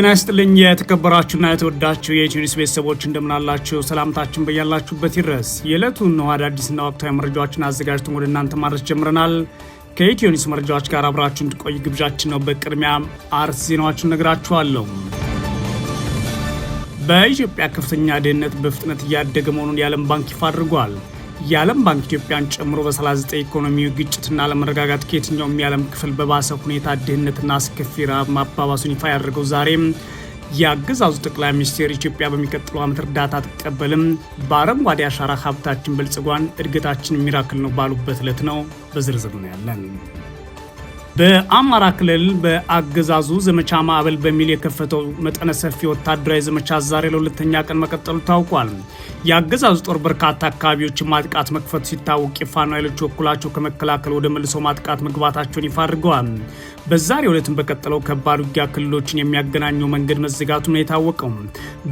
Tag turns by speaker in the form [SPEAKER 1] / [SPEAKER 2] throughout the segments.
[SPEAKER 1] ጤና ይስጥልኝ የተከበራችሁና የተወዳችሁ የኢትዮኒስ ቤተሰቦች እንደምናላችሁ ሰላምታችን በያላችሁበት ይድረስ። የዕለቱን ነው አዳዲስና ወቅታዊ መረጃዎችን አዘጋጅተን ወደ እናንተ ማድረስ ጀምረናል። ከኢትዮኒስ መረጃዎች ጋር አብራችሁ እንድቆይ ግብዣችን ነው። በቅድሚያ አርስ ዜናዎችን ነግራችኋለሁ። በኢትዮጵያ ከፍተኛ ድህነት በፍጥነት እያደገ መሆኑን የዓለም ባንክ ይፋ አድርጓል። የዓለም ባንክ ኢትዮጵያን ጨምሮ በ39 ኢኮኖሚው ግጭትና አለመረጋጋት ከየትኛውም የዓለም ክፍል በባሰ ሁኔታ ድህነትና አስከፊ ረሃብ ማባባሱን ይፋ ያደረገው ዛሬም የአገዛዙ ጠቅላይ ሚኒስትር ኢትዮጵያ በሚቀጥለው ዓመት እርዳታ አትቀበልም፣ በአረንጓዴ አሻራ ሀብታችን በልጽጓን እድገታችን ሚራክል ነው ባሉበት ዕለት ነው። በዝርዝር ነው ያለን። በአማራ ክልል በአገዛዙ ዘመቻ ማዕበል በሚል የከፈተው መጠነ ሰፊ ወታደራዊ ዘመቻ ዛሬ ለሁለተኛ ቀን መቀጠሉ ታውቋል። የአገዛዙ ጦር በርካታ አካባቢዎችን ማጥቃት መክፈቱ ሲታወቅ የፋኖ ኃይሎች ወኩላቸው ከመከላከል ወደ መልሶ ማጥቃት መግባታቸውን ይፋ አድርገዋል። በዛሬው ዕለትም በቀጠለው ከባድ ውጊያ ክልሎችን የሚያገናኘው መንገድ መዘጋቱ ነው የታወቀው።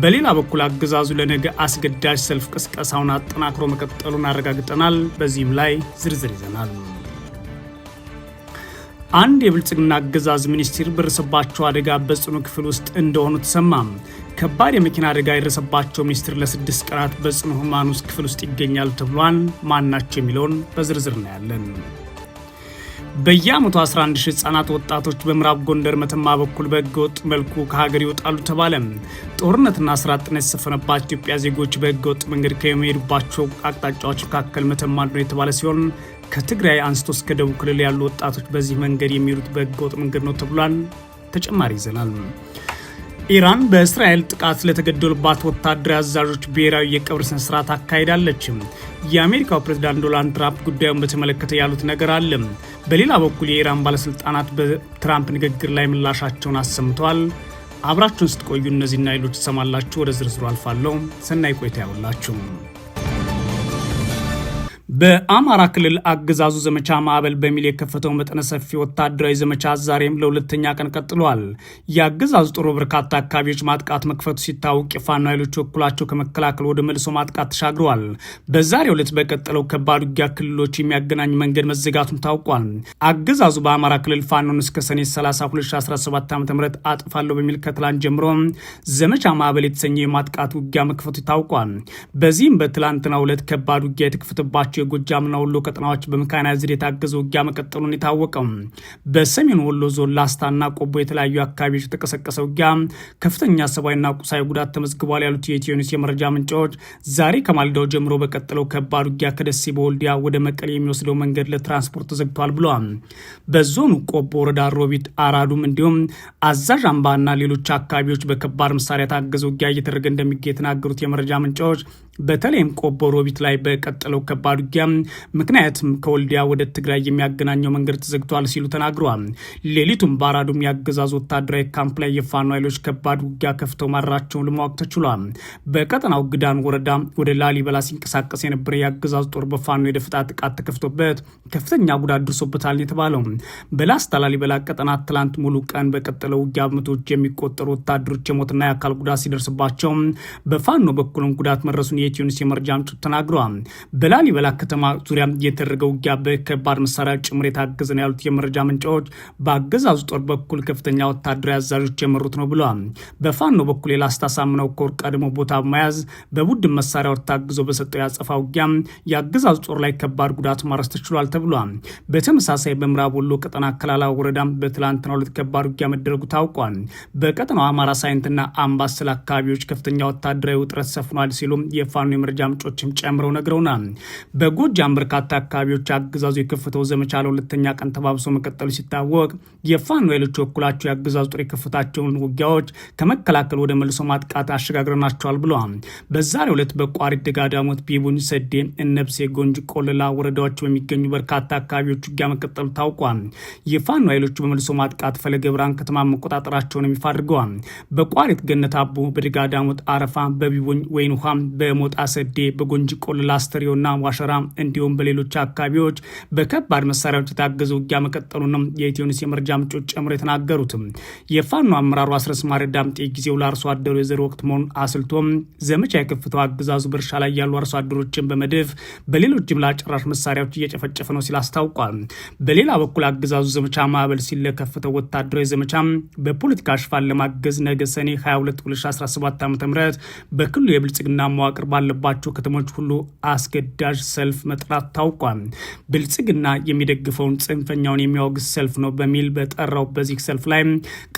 [SPEAKER 1] በሌላ በኩል አገዛዙ ለነገ አስገዳጅ ሰልፍ ቅስቀሳውን አጠናክሮ መቀጠሉን አረጋግጠናል። በዚህም ላይ ዝርዝር ይዘናል። አንድ የብልጽግና አገዛዝ ሚኒስትር በደረሰባቸው አደጋ በጽኑ ክፍል ውስጥ እንደሆኑ ተሰማ። ከባድ የመኪና አደጋ የደረሰባቸው ሚኒስትር ለስድስት ቀናት በጽኑ ሕሙማን ውስጥ ክፍል ውስጥ ይገኛል ተብሏል። ማናቸው የሚለውን በዝርዝር እናያለን። በየአመቱ 11 ሺህ ህጻናት ወጣቶች በምዕራብ ጎንደር መተማ በኩል በህገወጥ መልኩ ከሀገር ይወጣሉ ተባለ። ጦርነትና ስራ አጥነት የተሰፈነባቸው ኢትዮጵያ ዜጎች በህገወጥ መንገድ ከሚሄዱባቸው አቅጣጫዎች መካከል መተማ ነው የተባለ ሲሆን ከትግራይ አንስቶ እስከ ደቡብ ክልል ያሉ ወጣቶች በዚህ መንገድ የሚሄዱት በህገወጥ መንገድ ነው ተብሏል። ተጨማሪ ይዘናል። ኢራን በእስራኤል ጥቃት ለተገደሉባት ወታደራዊ አዛዦች ብሔራዊ የቀብር ስነስርዓት አካሂዳለች። የአሜሪካው ፕሬዝዳንት ዶናልድ ትራምፕ ጉዳዩን በተመለከተ ያሉት ነገር አለ። በሌላ በኩል የኢራን ባለስልጣናት በትራምፕ ንግግር ላይ ምላሻቸውን አሰምተዋል። አብራችሁን ስትቆዩ እነዚህና ሌሎች ትሰማላችሁ። ወደ ዝርዝሩ አልፋለሁ። ሰናይ ቆይታ ያውላችሁ። በአማራ ክልል አገዛዙ ዘመቻ ማዕበል በሚል የከፈተው መጠነ ሰፊ ወታደራዊ ዘመቻ ዛሬም ለሁለተኛ ቀን ቀጥሏል። የአገዛዙ ጦር በርካታ አካባቢዎች ማጥቃት መክፈቱ ሲታወቅ የፋኖ ኃይሎች በኩላቸው ከመከላከል ወደ መልሶ ማጥቃት ተሻግረዋል። በዛሬ ዕለት በቀጠለው ከባድ ውጊያ ክልሎች የሚያገናኝ መንገድ መዘጋቱን ታውቋል። አገዛዙ በአማራ ክልል ፋኖን እስከ ሰኔ 30 2017 ዓ ም አጥፋለሁ በሚል ከትላንት ጀምሮ ዘመቻ ማዕበል የተሰኘ የማጥቃት ውጊያ መክፈቱ ታውቋል። በዚህም በትላንትና ዕለት ከባድ ውጊያ የተከፈተባቸው የጎጃምና ወሎ ቀጠናዎች በመካናይዝድ የታገዘ ውጊያ መቀጠሉን የታወቀው በሰሜን ወሎ ዞን ላስታና ቆቦ የተለያዩ አካባቢዎች የተቀሰቀሰ ውጊያ ከፍተኛ ሰብአዊና ቁሳዊ ጉዳት ተመዝግቧል ያሉት የኢትዮኒስ የመረጃ ምንጫዎች ዛሬ ከማልዳው ጀምሮ በቀጠለው ከባድ ውጊያ ከደሴ በወልዲያ ወደ መቀሌ የሚወስደው መንገድ ለትራንስፖርት ተዘግቷል ብለዋል። በዞኑ ቆቦ ወረዳ ሮቢት፣ አራዱም እንዲሁም አዛዥ አምባና ሌሎች አካባቢዎች በከባድ መሳሪያ የታገዘ ውጊያ እየተደረገ እንደሚገኝ የተናገሩት የመረጃ ምንጫዎች በተለይም ቆቦ ሮቢት ላይ በቀጠለው ከባድ ውጊያ ውጊያ ምክንያትም ከወልዲያ ወደ ትግራይ የሚያገናኘው መንገድ ተዘግቷል ሲሉ ተናግረዋል። ሌሊቱም በአራዱም ያገዛዙ ወታደራዊ ካምፕ ላይ የፋኖ ኃይሎች ከባድ ውጊያ ከፍተው ማድራቸውን ለማወቅ ተችሏል። በቀጠናው ግዳን ወረዳ ወደ ላሊበላ ሲንቀሳቀስ የነበረ የአገዛዙ ጦር በፋኖ የደፈጣ ጥቃት ተከፍቶበት ከፍተኛ ጉዳት ደርሶበታል የተባለው በላስታ ላሊበላ ቀጠና ትላንት ሙሉ ቀን በቀጠለው ውጊያ በመቶዎች የሚቆጠሩ ወታደሮች የሞትና የአካል ጉዳት ሲደርስባቸው በፋኖ በኩልም ጉዳት መድረሱን የኢትዮኒውስ የመረጃ ምንጮች ተናግረዋል። በላሊበላ ከተማ ዙሪያ የተደረገው ውጊያ በከባድ መሳሪያ ጭምር የታገዘ ነው ያሉት የመረጃ ምንጫዎች በአገዛዙ ጦር በኩል ከፍተኛ ወታደራዊ አዛዦች የመሩት ነው ብለዋል። በፋኖ በኩል የላስታ ሳምነው ኮር ቀድሞ ቦታ በመያዝ በቡድን መሳሪያ ታግዞ በሰጠው ያጸፋ ውጊያ የአገዛዙ ጦር ላይ ከባድ ጉዳት ማድረስ ተችሏል ተብሏል። በተመሳሳይ በምዕራብ ወሎ ቀጠና ከላላ ወረዳ በትላንትና ሁለት ከባድ ውጊያ መደረጉ ታውቋል። በቀጠናው አማራ ሳይንትና አምባሰል አካባቢዎች ከፍተኛ ወታደራዊ ውጥረት ሰፍኗል ሲሉ የፋኖ የመረጃ ምንጮችም ጨምረው ነግረውናል። በጎጃም በርካታ አካባቢዎች አገዛዙ የከፍተው ዘመቻ ለሁለተኛ ቀን ተባብሶ መቀጠሉ ሲታወቅ የፋኖ ኃይሎች በኩላቸው የአገዛዙ ጦር የከፍታቸውን ውጊያዎች ከመከላከል ወደ መልሶ ማጥቃት አሸጋግረናቸዋል ብለዋል። በዛሬው ዕለት በቋሪት ደጋዳሞት፣ ቢቡኝ፣ ሰዴ፣ እነብሴ፣ ጎንጅ፣ ቆለላ ወረዳዎች በሚገኙ በርካታ አካባቢዎች ውጊያ መቀጠሉ ታውቋል። የፋኖ ኃይሎቹ በመልሶ ማጥቃት ፈለገ ብርሃን ከተማ መቆጣጠራቸውን ይፋ አድርገዋል። በቋሪት ገነት አቦ፣ በደጋዳሞት አረፋ፣ በቢቡኝ ወይን ውሃ፣ በሞጣ ሰዴ፣ በጎንጅ ቆለላ አስተሪዮና ዋሸራ እንዲሁም በሌሎች አካባቢዎች በከባድ መሳሪያዎች የታገዘ ውጊያ መቀጠሉንም የኢትዮኒስ የመረጃ ምንጮች ጨምሮ የተናገሩትም የፋኖ አመራሩ አስረስ ዳምጤ ጊዜው ለአርሶ አደሩ የዘር ወቅት መሆኑን አስልቶም ዘመቻ የከፍተው አገዛዙ በእርሻ ላይ ያሉ አርሶ አደሮችን በመድፍ በሌሎች ጅምላ ጨራሽ መሳሪያዎች እየጨፈጨፈ ነው ሲል አስታውቋል። በሌላ በኩል አገዛዙ ዘመቻ ማዕበል ሲል ወታደራዊ ዘመቻ በፖለቲካ ሽፋን ለማገዝ ነገ ሰኔ 22 2017 ዓ ም በክልሉ የብልጽግና መዋቅር ባለባቸው ከተሞች ሁሉ አስገዳጅ ሰ ሰልፍ መጥራት ታውቋል። ብልጽግና የሚደግፈውን ጽንፈኛውን የሚያወግዝ ሰልፍ ነው በሚል በጠራው በዚህ ሰልፍ ላይ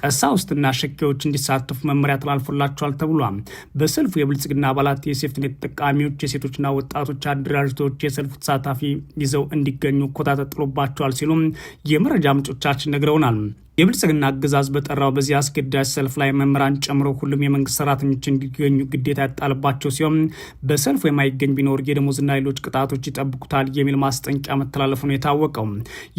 [SPEAKER 1] ቀሳውስትና ሸኪዎች እንዲሳተፉ መመሪያ ተላልፎላቸዋል ተብሏል። በሰልፉ የብልጽግና አባላት የሴፍትኔት ተጠቃሚዎች፣ የሴቶችና ወጣቶች አደራጅቶች የሰልፉ ተሳታፊ ይዘው እንዲገኙ ኮታ ተጥሎባቸዋል ሲሉም የመረጃ ምንጮቻችን ነግረውናል። የብልጽግና አገዛዝ በጠራው በዚህ አስገዳጅ ሰልፍ ላይ መምህራን ጨምሮ ሁሉም የመንግስት ሰራተኞች እንዲገኙ ግዴታ ያጣልባቸው ሲሆን በሰልፉ የማይገኝ ቢኖር የደሞዝና ሌሎች ቅጣቶች ይጠብቁታል የሚል ማስጠንቂያ መተላለፉ ነው የታወቀው።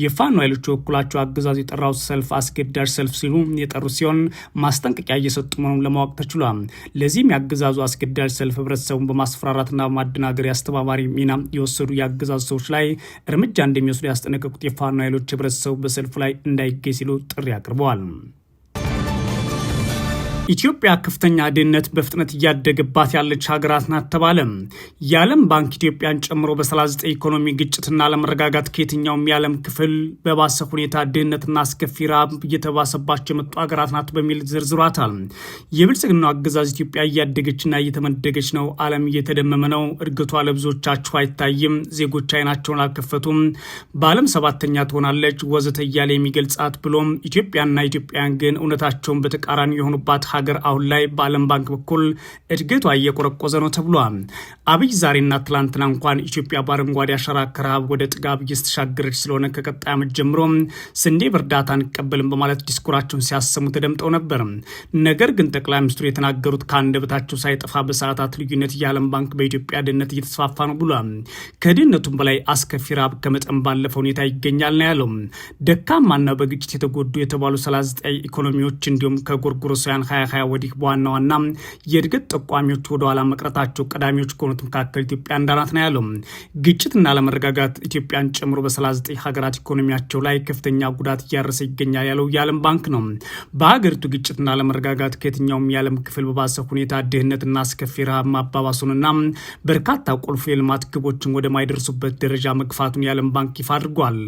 [SPEAKER 1] የፋኖ ኃይሎች በበኩላቸው አገዛዙ የጠራው ሰልፍ አስገዳጅ ሰልፍ ሲሉ የጠሩት ሲሆን ማስጠንቀቂያ እየሰጡ መሆኑን ለማወቅ ተችሏል። ለዚህም የአገዛዙ አስገዳጅ ሰልፍ ህብረተሰቡን በማስፈራራትና በማደናገር የአስተባባሪ ሚና የወሰዱ የአገዛዙ ሰዎች ላይ እርምጃ እንደሚወስዱ ያስጠነቀቁት የፋኖ ኃይሎች ህብረተሰቡ በሰልፉ ላይ እንዳይገኝ ሲሉ ጥሪ ጥሪ አቅርበዋል። ኢትዮጵያ ከፍተኛ ድህነት በፍጥነት እያደገባት ያለች ሀገራት ናት ተባለ። የዓለም ባንክ ኢትዮጵያን ጨምሮ በ39 ኢኮኖሚ ግጭትና አለመረጋጋት ከየትኛውም የዓለም ክፍል በባሰ ሁኔታ ድህነትና አስከፊ ረሃብ እየተባሰባቸው የመጡ ሀገራት ናት በሚል ዝርዝሯታል። የብልጽግናው አገዛዝ ኢትዮጵያ እያደገችና እየተመደገች ነው፣ ዓለም እየተደመመ ነው፣ እድገቷ ለብዙዎቻችሁ አይታይም፣ ዜጎች አይናቸውን አልከፈቱም፣ በዓለም ሰባተኛ ትሆናለች ወዘተ እያለ የሚገልጻት ብሎም ኢትዮጵያና ኢትዮጵያውያን ግን እውነታቸውን በተቃራኒ የሆኑባት ሀገር አሁን ላይ በዓለም ባንክ በኩል እድገቷ እየቆረቆዘ ነው ተብሏል። አብይ ዛሬና ትላንትና እንኳን ኢትዮጵያ በአረንጓዴ አሻራ ከረሃብ ወደ ጥጋብ እየተሻገረች ስለሆነ ከቀጣይ ዓመት ጀምሮ ስንዴ በእርዳታ አንቀበልም በማለት ዲስኩራቸውን ሲያሰሙ ተደምጠው ነበር። ነገር ግን ጠቅላይ ሚኒስትሩ የተናገሩት ከአንደበታቸው ሳይጠፋ በሰዓታት ልዩነት የዓለም ባንክ በኢትዮጵያ ድህነት እየተስፋፋ ነው ብሏል። ከድህነቱም በላይ አስከፊ ረሃብ ከመጠን ባለፈ ሁኔታ ይገኛል ነው ያለው። ደካማና በግጭት የተጎዱ የተባሉ 39 ኢኮኖሚዎች እንዲሁም ከጎርጎሮሳውያን 2020 ወዲህ በዋና ዋና የእድገት ጠቋሚዎች ወደኋላ መቅረታቸው ቀዳሚዎች ከሆኑ ከሚገኙት መካከል ኢትዮጵያ አንዷ ናት ነው ያለው። ግጭትና አለመረጋጋት ኢትዮጵያን ጨምሮ በ39 ሀገራት ኢኮኖሚያቸው ላይ ከፍተኛ ጉዳት እያደረሰ ይገኛል ያለው የዓለም ባንክ ነው። በሀገሪቱ ግጭትና አለመረጋጋት ከየትኛውም የዓለም ክፍል በባሰ ሁኔታ ድህነትና አስከፊ ረሃብ ማባባሱንና በርካታ ቁልፍ የልማት ግቦችን ወደ ማይደርሱበት ደረጃ መግፋቱን የዓለም ባንክ ይፋ አድርጓል።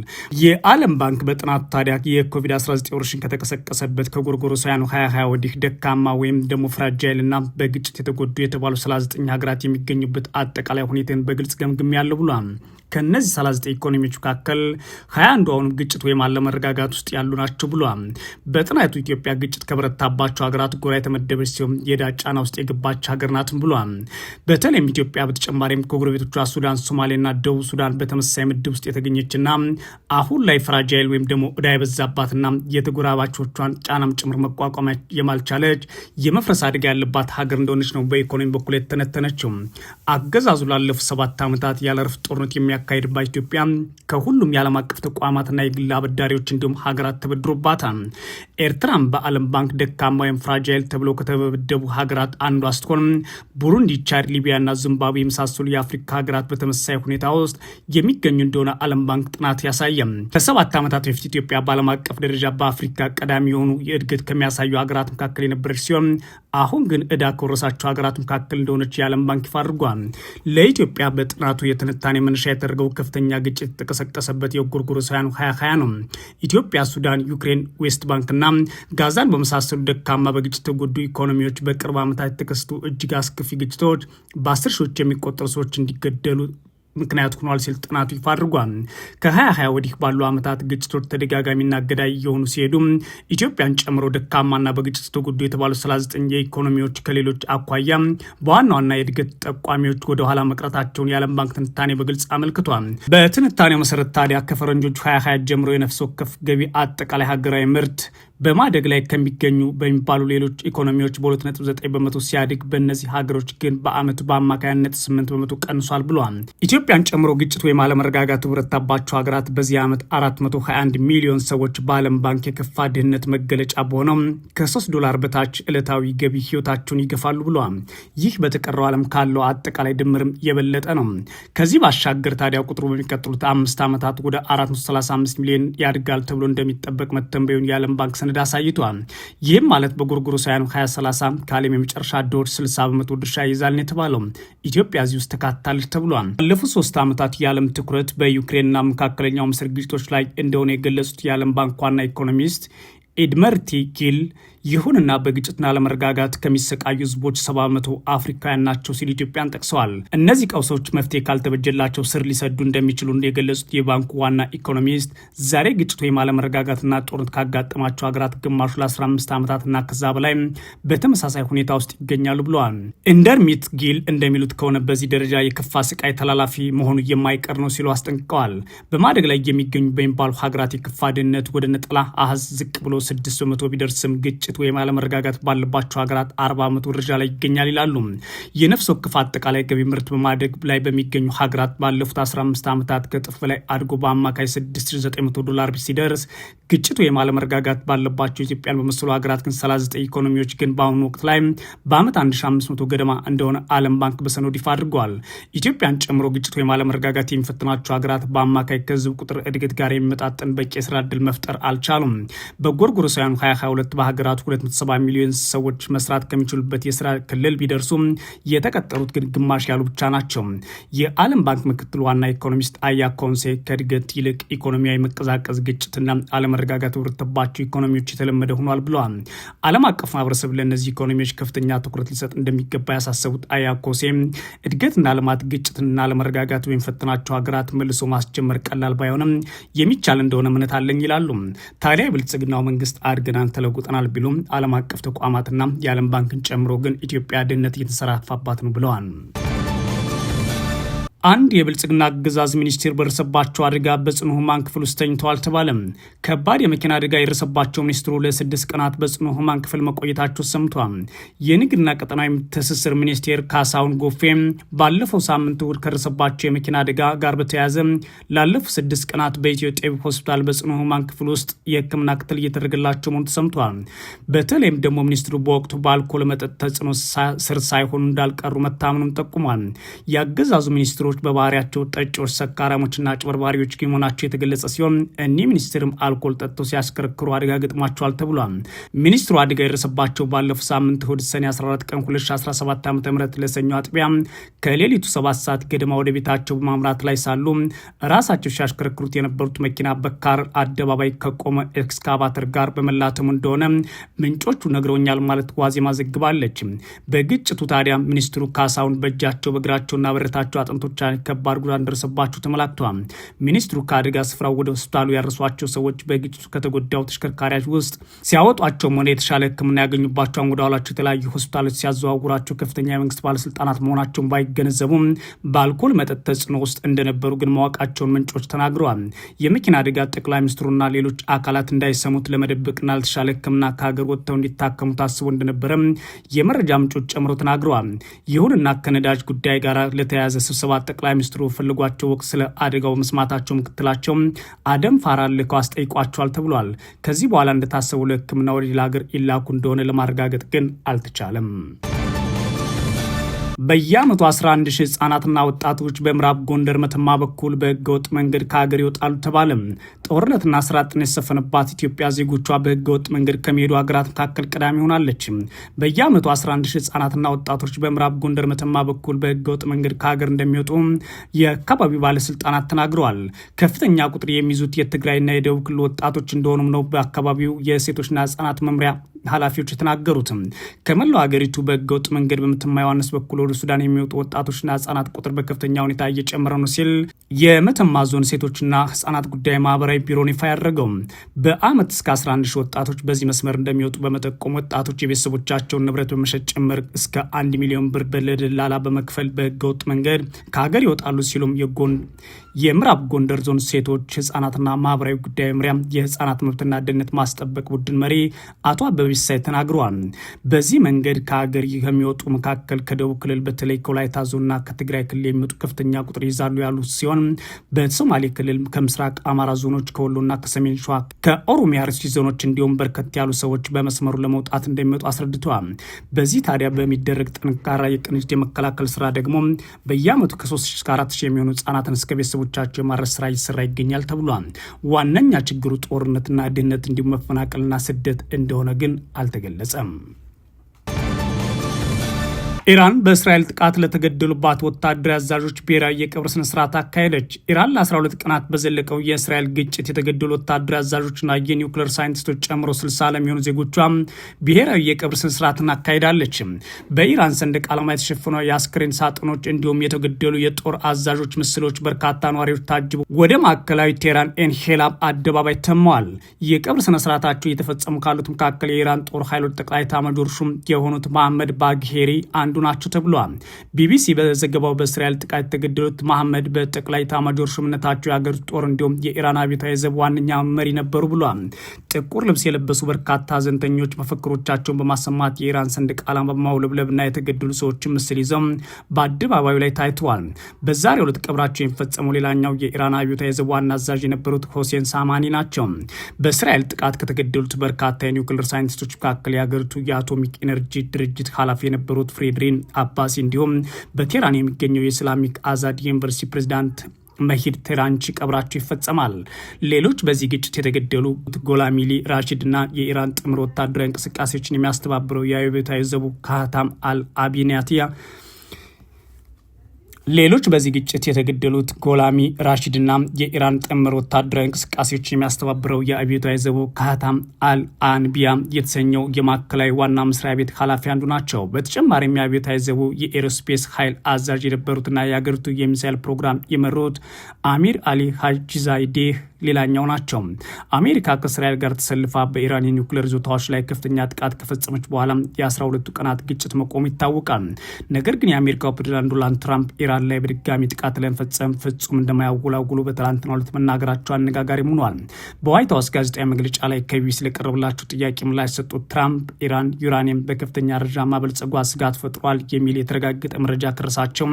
[SPEAKER 1] የዓለም ባንክ በጥናቱ ታዲያ የኮቪድ-19 ወረርሽኝ ከተቀሰቀሰበት ከጎርጎሮሳውያኑ 2020 ወዲህ ደካማ ወይም ደግሞ ፍራጃይልና በግጭት የተጎዱ የተባሉ 39 ሀገራት የሚገኙበት ያለበት አጠቃላይ ሁኔታን በግልጽ ገምግም ያለው ብሏል። ከነዚህ 39 ኢኮኖሚዎች መካከል 21ዱ አሁንም ግጭት ወይም አለመረጋጋት ውስጥ ያሉ ናቸው ብሏል። በጥናቱ ኢትዮጵያ ግጭት ከበረታባቸው ሀገራት ጎራ የተመደበች ሲሆን የዕዳ ጫና ውስጥ የገባች ሀገር ናትም ብሏል። በተለይም ኢትዮጵያ በተጨማሪም ከጎረቤቶቿ ሱዳን፣ ሶማሌና ደቡብ ሱዳን በተመሳሳይ ምድብ ውስጥ የተገኘችና አሁን ላይ ፍራጃይል ወይም ደግሞ ዕዳ የበዛባትና የተጎራባቾቿን ጫናም ጭምር መቋቋም የማልቻለች የመፍረስ አደጋ ያለባት ሀገር እንደሆነች ነው በኢኮኖሚ በኩል የተነተነችው አገዛዙ ላለፉት ሰባት ዓመታት ያለ እረፍት ጦርነት የሚያ የሚያካሄድባት ኢትዮጵያ ከሁሉም የዓለም አቀፍ ተቋማትና የግል አበዳሪዎች እንዲሁም ሀገራት ተበድሮባታል። ኤርትራም በዓለም ባንክ ደካማ ወይም ፍራጃይል ተብሎ ከተበደቡ ሀገራት አንዷ ስትሆን ቡሩንዲ፣ ቻድ፣ ሊቢያና ዚምባብዌ የመሳሰሉ የአፍሪካ ሀገራት በተመሳሳይ ሁኔታ ውስጥ የሚገኙ እንደሆነ ዓለም ባንክ ጥናት ያሳያል። ከሰባት ዓመታት በፊት ኢትዮጵያ በዓለም አቀፍ ደረጃ በአፍሪካ ቀዳሚ የሆኑ የእድገት ከሚያሳዩ ሀገራት መካከል የነበረች ሲሆን አሁን ግን እዳ ከወረሳቸው ሀገራት መካከል እንደሆነች የዓለም ባንክ ይፋ አድርጓል። ለኢትዮጵያ በጥናቱ የትንታኔ መነሻ የተደረገው ከፍተኛ ግጭት የተቀሰቀሰበት የጎርጎሮሳውያኑ 2020 ነው። ኢትዮጵያ፣ ሱዳን፣ ዩክሬን፣ ዌስት ባንክና ጋዛን በመሳሰሉ ደካማ በግጭት የተጎዱ ኢኮኖሚዎች በቅርብ ዓመታት የተከሰቱ እጅግ አስከፊ ግጭቶች በአስር ሺዎች የሚቆጠሩ ሰዎች እንዲገደሉ ምክንያት ሆኗል ሲል ጥናቱ ይፋ አድርጓል። ከ2020 ወዲህ ባሉ ዓመታት ግጭቶች ተደጋጋሚና ገዳይ እየሆኑ ሲሄዱ ኢትዮጵያን ጨምሮ ደካማና በግጭት ተጎዱ የተባሉ 39 የኢኮኖሚዎች ከሌሎች አኳያ በዋና ዋና የእድገት ጠቋሚዎች ወደ ኋላ መቅረታቸውን የዓለም ባንክ ትንታኔ በግልጽ አመልክቷል። በትንታኔው መሰረት ታዲያ ከፈረንጆቹ 2020 ጀምሮ የነፍስ ወከፍ ገቢ አጠቃላይ ሀገራዊ ምርት በማደግ ላይ ከሚገኙ በሚባሉ ሌሎች ኢኮኖሚዎች በ2.9 በመቶ ሲያድግ በእነዚህ ሀገሮች ግን በአመቱ በአማካይነት 8 በመቶ ቀንሷል ብሏል። ኢትዮጵያን ጨምሮ ግጭት ወይም አለመረጋጋት በረታባቸው ሀገራት በዚህ ዓመት 421 ሚሊዮን ሰዎች በዓለም ባንክ የከፋ ድህነት መገለጫ በሆነው ከ3 ዶላር በታች ዕለታዊ ገቢ ህይወታቸውን ይገፋሉ ብሏል። ይህ በተቀረው ዓለም ካለው አጠቃላይ ድምርም የበለጠ ነው። ከዚህ ባሻገር ታዲያ ቁጥሩ በሚቀጥሉት አምስት ዓመታት ወደ 435 ሚሊዮን ያድጋል ተብሎ እንደሚጠበቅ መተንበዩን የዓለም ባንክ ሰነ ሰነድ አሳይቷል። ይህም ማለት በጎርጎሮሳውያኑ 2030 ከዓለም የመጨረሻ ዕዳዎች 60 በመቶ ድርሻ ይይዛል ነው የተባለው። ኢትዮጵያ እዚህ ውስጥ ተካታለች ተብሏል። ባለፉት ሶስት ዓመታት የዓለም ትኩረት በዩክሬንና መካከለኛው ምስር ግጭቶች ላይ እንደሆነ የገለጹት የዓለም ባንክ ዋና ኢኮኖሚስት ኤድመርቲ ኪል ይሁንና በግጭትና አለመረጋጋት ከሚሰቃዩ ህዝቦች ሰባ በመቶ አፍሪካውያን ናቸው ሲል ኢትዮጵያን ጠቅሰዋል። እነዚህ ቀውሶች መፍትሄ ካልተበጀላቸው ስር ሊሰዱ እንደሚችሉ የገለጹት የባንኩ ዋና ኢኮኖሚስት ዛሬ ግጭት ወይም አለመረጋጋትና ጦርነት ካጋጠማቸው ሀገራት ግማሹ ለ15 ዓመታትና ከዛ በላይ በተመሳሳይ ሁኔታ ውስጥ ይገኛሉ ብለዋል። እንደርሚት ጊል እንደሚሉት ከሆነ በዚህ ደረጃ የከፋ ስቃይ ተላላፊ መሆኑ የማይቀር ነው ሲሉ አስጠንቅቀዋል። በማደግ ላይ የሚገኙ በሚባሉ ሀገራት የከፋ ድህነት ወደ ነጠላ አህዝ ዝቅ ብሎ 6 በመቶ ቢደርስም ግጭት ግጭት ወይም አለመረጋጋት ባለባቸው ሀገራት አርባ በመቶ ደረጃ ላይ ይገኛል ይላሉ። የነፍስ ወከፍ አጠቃላይ ገቢ ምርት በማደግ ላይ በሚገኙ ሀገራት ባለፉት 15 ዓመታት ከጥፍ በላይ አድጎ በአማካይ 6900 ዶላር ሲደርስ ግጭት ወይም አለመረጋጋት ባለባቸው ኢትዮጵያን በመሰሉ ሀገራት ግን 39 ኢኮኖሚዎች ግን በአሁኑ ወቅት ላይ በዓመት 1500 ገደማ እንደሆነ ዓለም ባንክ በሰነዱ ይፋ አድርጓል። ኢትዮጵያን ጨምሮ ግጭት ወይም አለመረጋጋት የሚፈትናቸው ሀገራት በአማካይ ከህዝብ ቁጥር እድገት ጋር የሚመጣጠን በቂ የስራ እድል መፍጠር አልቻሉም። በጎርጎሮሳውያኑ 2022 በሀገራቱ 270 ሚሊዮን ሰዎች መስራት ከሚችሉበት የስራ ክልል ቢደርሱም የተቀጠሩት ግን ግማሽ ያሉ ብቻ ናቸው። የዓለም ባንክ ምክትል ዋና ኢኮኖሚስት አያ ኮንሴ ከእድገት ይልቅ ኢኮኖሚያዊ መቀዛቀዝ፣ ግጭትና አለመረጋጋት የበረታባቸው ኢኮኖሚዎች የተለመደ ሆኗል ብለዋል። ዓለም አቀፍ ማህበረሰብ ለእነዚህ ኢኮኖሚዎች ከፍተኛ ትኩረት ሊሰጥ እንደሚገባ ያሳሰቡት አያ ኮሴ እድገትና ልማት ግጭትና አለመረጋጋት በሚፈትናቸው ሀገራት መልሶ ማስጀመር ቀላል ባይሆንም የሚቻል እንደሆነ እምነት አለኝ ይላሉ። ታዲያ የብልጽግናው መንግስት አድገናን ተለውጠናል ቢሉ ዓለም አቀፍ ተቋማትና የዓለም ባንክን ጨምሮ ግን ኢትዮጵያ ድህነት እየተንሰራፋባት ነው ብለዋል። አንድ የብልጽግና አገዛዝ ሚኒስቴር በደረሰባቸው አደጋ በጽኑ ህሙማን ክፍል ውስጥ ተኝተዋል አልተባለም። ከባድ የመኪና አደጋ የደረሰባቸው ሚኒስትሩ ለስድስት ቀናት በጽኑ ህሙማን ክፍል መቆየታቸው ሰምቷል። የንግድና ቀጠናዊ ትስስር ሚኒስቴር ካሳሁን ጎፌ ባለፈው ሳምንት እሁድ ከደረሰባቸው የመኪና አደጋ ጋር በተያያዘ ላለፉት ስድስት ቀናት በኢትዮ ጤብ ሆስፒታል በጽኑ ህሙማን ክፍል ውስጥ የህክምና ክትል እየተደረገላቸው መሆኑ ተሰምቷል። በተለይም ደግሞ ሚኒስትሩ በወቅቱ በአልኮል መጠጥ ተጽዕኖ ስር ሳይሆኑ እንዳልቀሩ መታመኑም ጠቁሟል። የአገዛዙ ሚኒስትሩ ሚኒስትሮች በባህሪያቸው ጠጪዎች፣ ሰካራሞችና ጭበርባሪዎች መሆናቸው የተገለጸ ሲሆን እኒህ ሚኒስትርም አልኮል ጠጥተው ሲያሽከረክሩ አደጋ ገጥሟቸዋል ተብሏል። ሚኒስትሩ አደጋ የደረሰባቸው ባለፉ ሳምንት እሁድ ሰኔ 14 ቀን 2017 ዓ ም ለሰኞ አጥቢያ ከሌሊቱ ሰባት ሰዓት ገደማ ወደ ቤታቸው በማምራት ላይ ሳሉ ራሳቸው ሲያሽከረክሩት የነበሩት መኪና በካር አደባባይ ከቆመ ኤክስካቫተር ጋር በመላተሙ እንደሆነ ምንጮቹ ነግረውኛል ማለት ዋዜማ ዘግባለች። በግጭቱ ታዲያ ሚኒስትሩ ካሳውን በእጃቸው በእግራቸውና በረታቸው አጥንቶች በመቻል ከባድ ጉዳት እንደደረሰባቸው ተመላክተዋል። ሚኒስትሩ ከአደጋ ስፍራው ወደ ሆስፒታሉ ያደረሷቸው ሰዎች በግጭቱ ከተጎዳው ተሽከርካሪያች ውስጥ ሲያወጧቸውም ሆነ የተሻለ ሕክምና ያገኙባቸውን ወደ የተለያዩ ሆስፒታሎች ሲያዘዋውራቸው ከፍተኛ የመንግስት ባለስልጣናት መሆናቸውን ባይገነዘቡም በአልኮል መጠጥ ተጽዕኖ ውስጥ እንደነበሩ ግን ማወቃቸውን ምንጮች ተናግረዋል። የመኪና አደጋ ጠቅላይ ሚኒስትሩና ሌሎች አካላት እንዳይሰሙት ለመደበቅና ለተሻለ ሕክምና ከሀገር ወጥተው እንዲታከሙ ታስቦ እንደነበረ የመረጃ ምንጮች ጨምሮ ተናግረዋል። ይሁንና ከነዳጅ ጉዳይ ጋር ለተያያዘ ስብሰባ ጠቅላይ ሚኒስትሩ ፈልጓቸው ወቅት ስለ አደጋው መስማታቸው ምክትላቸው አደም ፋራ ልከው አስጠይቋቸዋል ተብሏል። ከዚህ በኋላ እንደታሰቡ ለሕክምና ወደ ሌላ ሀገር ይላኩ እንደሆነ ለማረጋገጥ ግን አልተቻለም። በየአመቱ 11 ሺህ ህጻናትና ወጣቶች በምዕራብ ጎንደር መተማ በኩል በህገወጥ መንገድ ከሀገር ይወጣሉ ተባለ። ጦርነትና ስራ አጥነት የሰፈነባት ኢትዮጵያ ዜጎቿ በህገወጥ መንገድ ከሚሄዱ ሀገራት መካከል ቀዳሚ ሆናለች። በየአመቱ 11 ሺህ ህጻናትና ወጣቶች በምዕራብ ጎንደር መተማ በኩል በህገወጥ መንገድ ከሀገር እንደሚወጡ የአካባቢው ባለስልጣናት ተናግረዋል። ከፍተኛ ቁጥር የሚይዙት የትግራይና የደቡብ ክልል ወጣቶች እንደሆኑም ነው በአካባቢው የሴቶችና ህጻናት መምሪያ ኃላፊዎች የተናገሩት። ከመላው ሀገሪቱ በህገወጥ መንገድ በምትማ ዮሐንስ በኩል ወደ ሱዳን የሚወጡ ወጣቶችና ህጻናት ቁጥር በከፍተኛ ሁኔታ እየጨመረ ነው ሲል የመተማ ዞን ሴቶችና ህጻናት ጉዳይ ማህበራዊ ቢሮን ይፋ ያደረገው በአመት እስከ 11 ሺህ ወጣቶች በዚህ መስመር እንደሚወጡ በመጠቆም ወጣቶች የቤተሰቦቻቸውን ንብረት በመሸጥ ጭምር እስከ አንድ ሚሊዮን ብር በለደላላ በመክፈል በህገወጥ መንገድ ከሀገር ይወጣሉ ሲሉም የጎን የምዕራብ ጎንደር ዞን ሴቶች ህጻናትና ማህበራዊ ጉዳይ መምሪያ የህጻናት መብትና ደህንነት ማስጠበቅ ቡድን መሪ አቶ አበቢሳይ ተናግረዋል። በዚህ መንገድ ከሀገር ከሚወጡ መካከል ከደቡብ ክልል በተለይ ከወላይታ ዞንና ከትግራይ ክልል የሚወጡ ከፍተኛ ቁጥር ይዛሉ ያሉ ሲሆን በሶማሌ ክልል ከምስራቅ አማራ ዞኖች ከወሎና ከሰሜን ሸዋ ከኦሮሚያ ርሲ ዞኖች እንዲሁም በርከት ያሉ ሰዎች በመስመሩ ለመውጣት እንደሚወጡ አስረድተዋል። በዚህ ታዲያ በሚደረግ ጠንካራ የቅንጅት የመከላከል ስራ ደግሞ በየአመቱ ከ3 ሺ እስከ 4 የሚሆኑ ህጻናትን እስከ ቤተሰቡ ቤተሰቦቻቸው የማረስ ስራ እየሰራ ይገኛል ተብሏል። ዋነኛ ችግሩ ጦርነትና ድህነት እንዲሁም መፈናቀልና ስደት እንደሆነ ግን አልተገለጸም። ኢራን በእስራኤል ጥቃት ለተገደሉባት ወታደራዊ አዛዦች ብሔራዊ የቀብር ስነስርዓት አካሄደች። ኢራን ለ12 ቀናት በዘለቀው የእስራኤል ግጭት የተገደሉ ወታደራዊ አዛዦችና የኒውክሌር ሳይንቲስቶች ጨምሮ 60 ለሚሆኑ ዜጎቿ ብሔራዊ የቀብር ስነስርዓትን አካሄዳለች። በኢራን ሰንደቅ ዓላማ የተሸፈኑ የአስክሬን ሳጥኖች እንዲሁም የተገደሉ የጦር አዛዦች ምስሎች በርካታ ነዋሪዎች ታጅበው ወደ ማዕከላዊ ቴህራን ኤንሄላብ አደባባይ ተመዋል። የቀብር ስነስርዓታቸው እየተፈጸሙ ካሉት መካከል የኢራን ጦር ኃይሎች ጠቅላይ ኤታማዦር ሹም የሆኑት መሐመድ ባግሄሪ አንዱ ናቸው ተብሏል። ቢቢሲ በዘገባው በእስራኤል ጥቃት የተገደሉት መሐመድ በጠቅላይ ኤታማዦር ሹምነታቸው የአገር ጦር እንዲሁም የኢራን አብዮታዊ ዘብ ዋነኛ መሪ ነበሩ ብሏል። ጥቁር ልብስ የለበሱ በርካታ ዘንተኞች መፈክሮቻቸውን በማሰማት የኢራን ሰንደቅ ዓላማ በማውለብለብና የተገደሉ ሰዎችን ምስል ይዘው በአደባባዩ ላይ ታይተዋል። በዛሬው ዕለት ቀብራቸው የሚፈጸመው ሌላኛው የኢራን አብዮታዊ ዘብ ዋና አዛዥ የነበሩት ሆሴን ሳማኒ ናቸው። በእስራኤል ጥቃት ከተገደሉት በርካታ የኒውክሌር ሳይንቲስቶች መካከል የአገሪቱ የአቶሚክ ኤነርጂ ድርጅት ኃላፊ የነበሩት ፍሬድ ናስሪን አባሲ እንዲሁም በቴራን የሚገኘው የእስላሚክ አዛድ ዩኒቨርሲቲ ፕሬዚዳንት መሂድ ቴራንቺ ቀብራቸው ይፈጸማል። ሌሎች በዚህ ግጭት የተገደሉ ጎላሚሊ ራሺድ እና የኢራን ጥምር ወታደራዊ እንቅስቃሴዎችን የሚያስተባብረው የአብዮታዊ ዘቡ ካህታም አል አቢናቲያ ሌሎች በዚህ ግጭት የተገደሉት ጎላሚ ራሺድና የኢራን ጥምር ወታደራዊ እንቅስቃሴዎች የሚያስተባብረው የአብዮታዊ ዘቡ ካህታም አልአንቢያ የተሰኘው የማዕከላዊ ዋና መስሪያ ቤት ኃላፊ አንዱ ናቸው። በተጨማሪም የአብዮታዊ ዘቡ የኤሮስፔስ ኃይል አዛዥ የነበሩትና የአገሪቱ የሚሳይል ፕሮግራም የመሩት አሚር አሊ ሃጂዛይዴህ ሌላኛው ናቸው። አሜሪካ ከእስራኤል ጋር ተሰልፋ በኢራን የኒውክሌር ይዞታዎች ላይ ከፍተኛ ጥቃት ከፈጸመች በኋላ የአስራ ሁለቱ ቀናት ግጭት መቆም ይታወቃል። ነገር ግን የአሜሪካው ፕሬዚዳንት ዶናልድ ትራምፕ ኢራን ላይ በድጋሚ ጥቃት ለመፈጸም ፍጹም እንደማያወላውሉ በትላንትናው ዕለት መናገራቸው አነጋጋሪ ሆኗል። በዋይት ሀውስ ጋዜጣዊ መግለጫ ላይ ከቢቢሲ ለቀረበላቸው ጥያቄ ምላሽ የሰጡት ትራምፕ ኢራን ዩራኒየም በከፍተኛ ደረጃ ማበልጸጓ ስጋት ፈጥሯል የሚል የተረጋገጠ መረጃ ከረሳቸው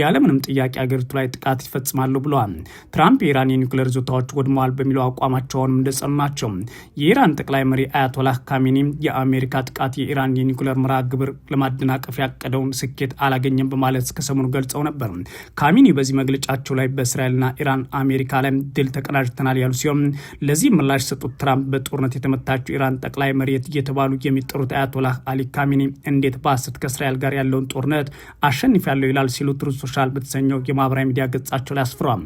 [SPEAKER 1] ያለምንም ጥያቄ አገሪቱ ላይ ጥቃት ይፈጽማሉ ብለዋል። ትራምፕ የኢራን የኒውክሌር ይዞታዎች ወድመዋል በሚለው አቋማቸውንም ናቸው የኢራን ጠቅላይ መሪ አያቶላህ ካሚኒ የአሜሪካ ጥቃት የኢራን የኒኩለር መርሃ ግብር ለማደናቀፍ ያቀደውን ስኬት አላገኘም በማለት እስከ ሰሞኑ ገልጸው ነበር። ካሚኒ በዚህ መግለጫቸው ላይ በእስራኤልና ኢራን አሜሪካ ላይ ድል ተቀዳጅተናል ያሉ ሲሆን ለዚህ ምላሽ ሰጡት ትራምፕ በጦርነት የተመታቸው ኢራን ጠቅላይ መሪ እየተባሉ የሚጠሩት አያቶላህ አሊ ካሚኒ እንዴት ባስት ከእስራኤል ጋር ያለውን ጦርነት ያለው ይላል ሲሉ ትሩዝ ሶሻል በተሰኘው የማህበራዊ ሚዲያ ገጻቸው ላይ አስፍሯል።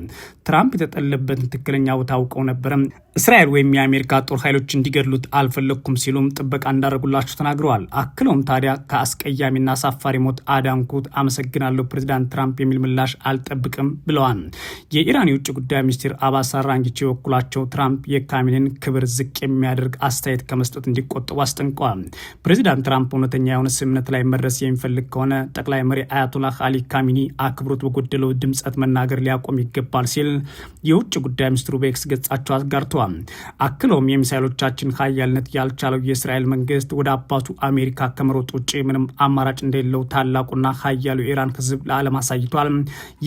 [SPEAKER 1] ትራምፕ የተጠለበትን ትክክለኛ ታውቀው ነበር። እስራኤል ወይም የአሜሪካ ጦር ኃይሎች እንዲገድሉት አልፈለግኩም ሲሉም ጥበቃ እንዳደረጉላቸው ተናግረዋል። አክለውም ታዲያ ከአስቀያሚና አሳፋሪ ሞት አዳንኩት አመሰግናለሁ ፕሬዚዳንት ትራምፕ የሚል ምላሽ አልጠብቅም ብለዋል። የኢራን የውጭ ጉዳይ ሚኒስትር አባስ አራንጊቺ በኩላቸው ትራምፕ የካሚኒን ክብር ዝቅ የሚያደርግ አስተያየት ከመስጠት እንዲቆጠቡ አስጠንቀዋል። ፕሬዚዳንት ትራምፕ እውነተኛ የሆነ ስምምነት ላይ መድረስ የሚፈልግ ከሆነ ጠቅላይ መሪ አያቶላህ አሊ ካሚኒ አክብሮት በጎደለው ድምፀት መናገር ሊያቆም ይገባል ሲል የውጭ ጉዳይ ሚኒስትሩ በ የኤክስ ገጻቸው አጋርተዋል። አክለውም የሚሳይሎቻችን ሀያልነት ያልቻለው የእስራኤል መንግስት ወደ አባቱ አሜሪካ ከመሮጥ ውጭ ምንም አማራጭ እንደሌለው ታላቁና ሀያሉ የኢራን ህዝብ ለዓለም አሳይቷል።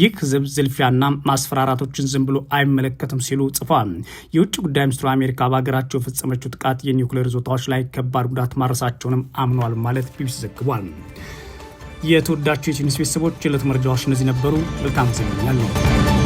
[SPEAKER 1] ይህ ህዝብ ዝልፊያና ማስፈራራቶችን ዝም ብሎ አይመለከትም ሲሉ ጽፏል። የውጭ ጉዳይ ሚኒስትሩ አሜሪካ በሀገራቸው የፈጸመችው ጥቃት የኒውክሌር ይዞታዎች ላይ ከባድ ጉዳት ማድረሳቸውንም አምኗል ማለት ቢቢሲ ዘግቧል። የተወዳቸው የዩቲዩብ ቤተሰቦች የዕለት መረጃዎች እነዚህ ነበሩ። መልካም ዜናኛለሁ።